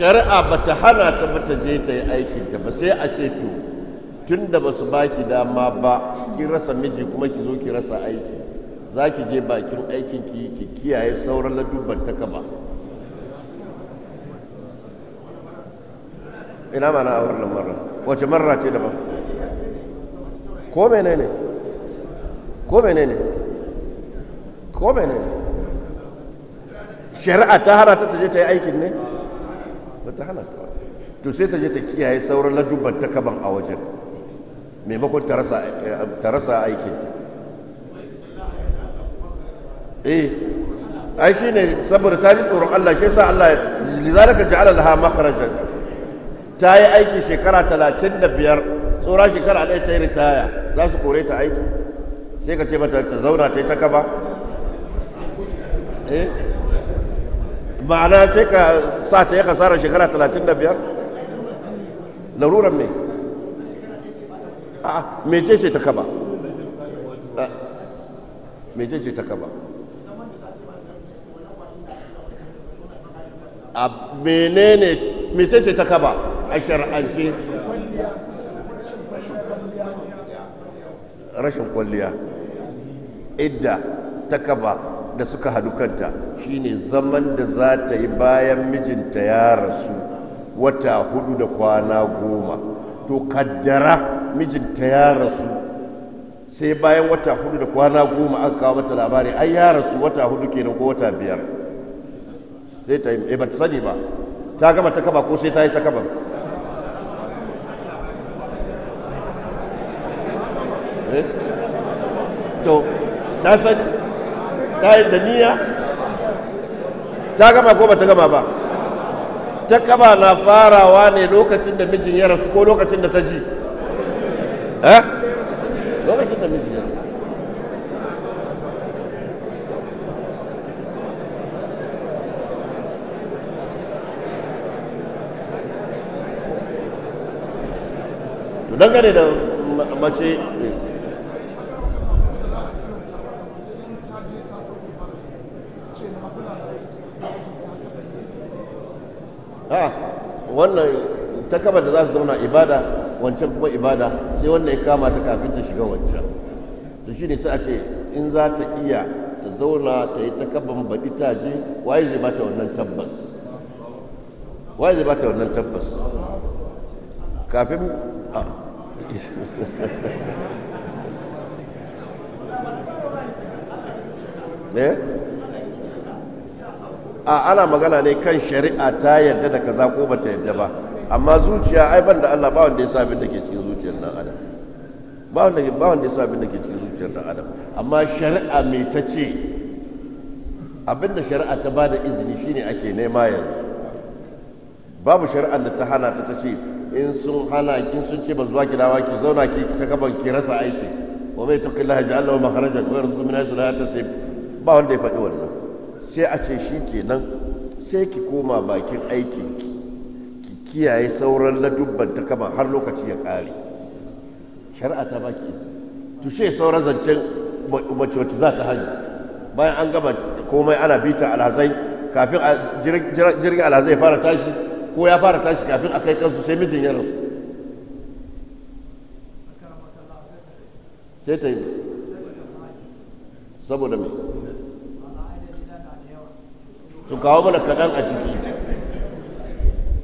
shari'a ba ta hana ta ba ta je ta yi aikinta ba sai a ce to tun da ba su ba ki dama ba ki rasa miji kuma ki zo ki rasa aiki za ki je bakin aikin ki ki kiyaye sauran ladubar ta kaba ina mana a wannan marar wace marar ce daban ko menene ko menene ko menene shari'a ta hana ta ta je ta yi aikin ne ba ta halatta ba to sai ta je ta kiyaye sauran ladubban ta kaban a wajen maimakon ta rasa ta eh ai shi ne saboda ta ji tsoron Allah shi sa Allah lizalika ja'ala laha makharajan ta yi aiki shekara talatin da biyar tsora shekara ɗaya ta yi ritaya za su kore ta aiki sai ka ce mata ta zauna ta yi ta kaba eh ma'ana sai ka sa ta yi kasara shekara 35 laruran me a mecece ta kaba eh, mecece ta kaba a menene mecece ta kaba a shar'ance rashin kwalliya idda ta kaba da suka hadu kanta shine zaman da za ta yi bayan mijinta ya rasu wata hudu da kwana goma to kaddara mijinta ya rasu sai bayan wata hudu da kwana goma aka kawo mata labari ai ya rasu wata hudu kenan ko wata biyar sai ta yi eh, ba ta sani ba ta gama ta kaba ko sai ta yi ta kaba eh? ta sani ta yi da niyya ta gama ko ba ta gama ba ta kaba na farawa ne lokacin da mijin ya rasu ko lokacin da ta ji eh lokacin da mijin ya rasu dangane da mace ha wannan ta kaba da za su zauna ibada wancan kuma ibada sai wannan ya kama ta kafin ta shiga wancan to shine sai a ce in za ta iya ta zauna ta yi ta kaba baɗi ta je waye zai bata wannan tabbas waye zai bata wannan tabbas kafin a eh a ana magana ne kan shari'a ta yadda da kaza ko ba ta yadda ba amma zuciya ai ban da Allah ba wanda ya sa abin da ke cikin zuciyar nan adam ba wanda ba wanda ya sa abin da ke cikin zuciyar nan adam amma shari'a me ta ce abin da shari'a ta bada izini shine ake nema yanzu babu shari'a da ta hana ta ta ce in sun hana kin sun ce ba zuwa ki dawa ki zauna ki ta kaban ki rasa aiki wa mai taqillaha ja'alahu makharajan wa yarzuqu min haythu la yahtasib ba wanda ya faɗi wannan sai a ce shi kenan sai ki koma bakin aikin ki kiyaye sauran ladubban ta kama har lokaci ya kare shari'a ta baki isa tushe sauran zancen mace wacce za ta hanyar bayan an gama komai ana bita alhazai kafin jirgin alhazai fara tashi ko ya fara tashi kafin a kai kansu sai mijin ya rasu sai ta yi saboda mai to kawo mana kaɗan a ciki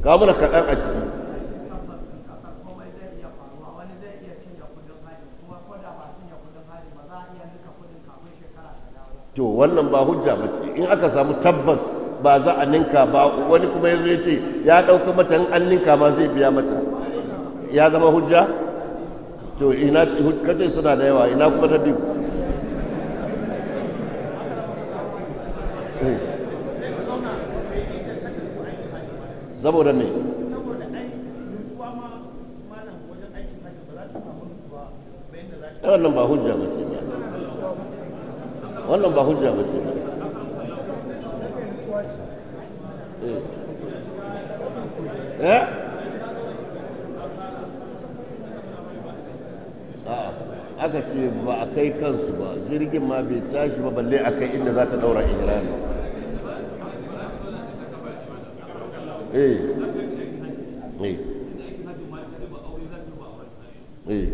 kawo mana kaɗan a ciki to wannan ba hujja ba ce in aka samu tabbas ba za a ninka ba wani kuma ya zo ya ce ya ɗauka mata in an ninka ma zai biya mata ya zama hujja to ina kace suna da yawa ina kuma ta biyu saboda ne wannan ba hujja ba ce ba wannan ba hujja ba ce ba eh. Eh? aka ce ba a kai kansu ba jirgin ma bai tashi ba balle a kai inda za ta daura ihrami Eh. Eh. Eh.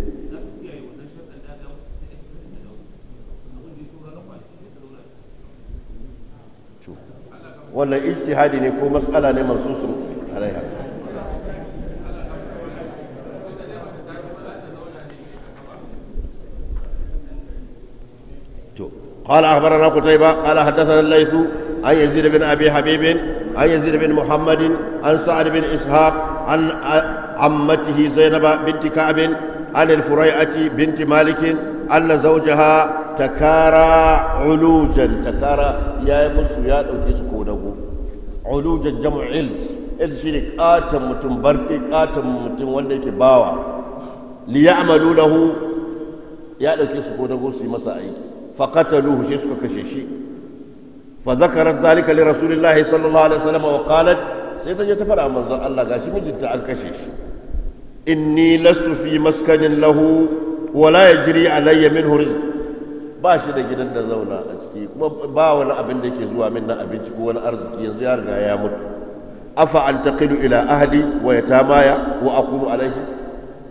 wannan ijtihadi ne ko matsala ne mansusu alaiha to qala akhbarana qutayba haddasa hadathana laythu عن يزيد بن أبي حبيب عن يزيد بن محمد عن سعد بن إسحاق عن عمته زينب بنت كعب عن الفريعة بنت مالك أن زوجها تكارى علوجا تكارى يا مسو يا دوكي علوجا جمع علج علج شيء كاتم متم بركي كاتم متم wanda yake bawa li ya'malu lahu ya dauke su ko dago su yi masa aiki faqataluhu shi suka kashe shi fa zakarat zalika li rasulillahi sallallahu alaihi wasallam wa qalat sai ta je ta fara manzon Allah gashi mijinta an kashe shi inni lasu fi maskanin lahu wala yajri alayya minhu rizq ba shi da gidan da zauna a ciki kuma ba wani abin da yake zuwa min na abinci ko wani arziki yanzu ya riga ya mutu afa an taqilu ila ahli wa yatamaya wa aqumu alayhi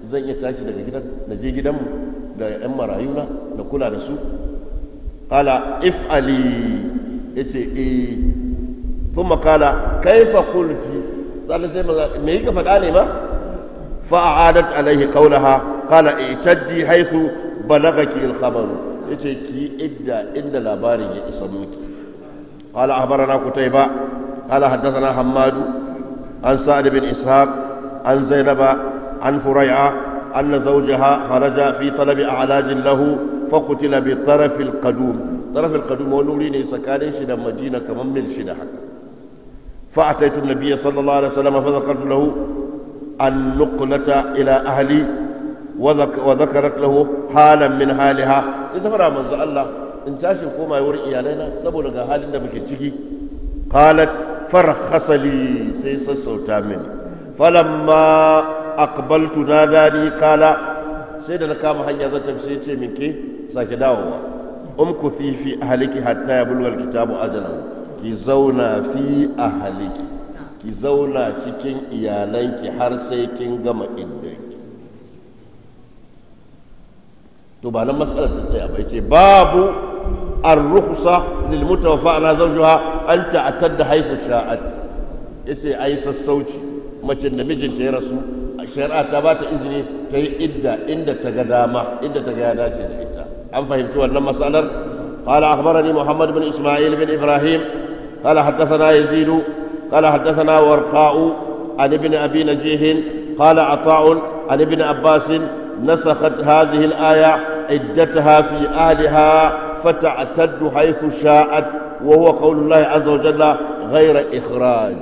zan iya tashi daga gidan na je gidanmu da yan marayuna na kula da su qala if ali yace eh thumma qala kaifa qulti sai sai maza me yake faɗa ne ma fa a'adat alaihi qawlaha qala itaddi haythu balagaki al-khabar yace ki idda inda labarin ya isa miki qala akhbarana kutayba qala haddathana hammad an sa'd bin ishaq an zainaba an furai'a أن زوجها خرج في طلب أعلاج له فقتل بطرف القدوم zarafin kaduma wani wuri ne tsakanin shi da madina kamar mil shida haka fa'ataitu nabiyya sallallahu alaihi wasallam fa zakartu lahu an nuqlata ila ahali wa zakarat lahu halan min haliha sai ta fara manzo Allah in tashi koma wurin iyalaina saboda ga halin da muke ciki qalat farkhasa li sai sassauta mini falamma aqbaltu nadani qala sai da na kama hanya zan tafi sai ce min ke sake dawowa umkuthi fi ahliki hatta yablugha alkitabu ajalahu ki zauna fi ahliki ki zauna cikin iyalanki har sai kin gama iddanki to ba nan matsalar ta tsaya bai ce babu الرخصة للمتوفى على زوجها أن تعتد حيث شاءت yace ai sassauci mace da mijinta ya rasu shari'a ta bata izini ta yi idda inda ta ga dama inda ta ga ya dace da ita أم فهمتوا لما مسألة قال أخبرني محمد بن إسماعيل بن إبراهيم قال حدثنا يزيد قال حدثنا ورقاء عن ابن أبي نجيح قال عطاء عن ابن عباس نسخت هذه الآية عدتها في أهلها فتعتد حيث شاءت وهو قول الله عز وجل غير إخراج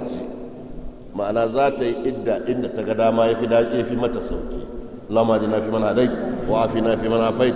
معنى ذاتي إدى إن تقدام في متى صوتي اللهم اهدنا فيمن هديت في فيمن عافيت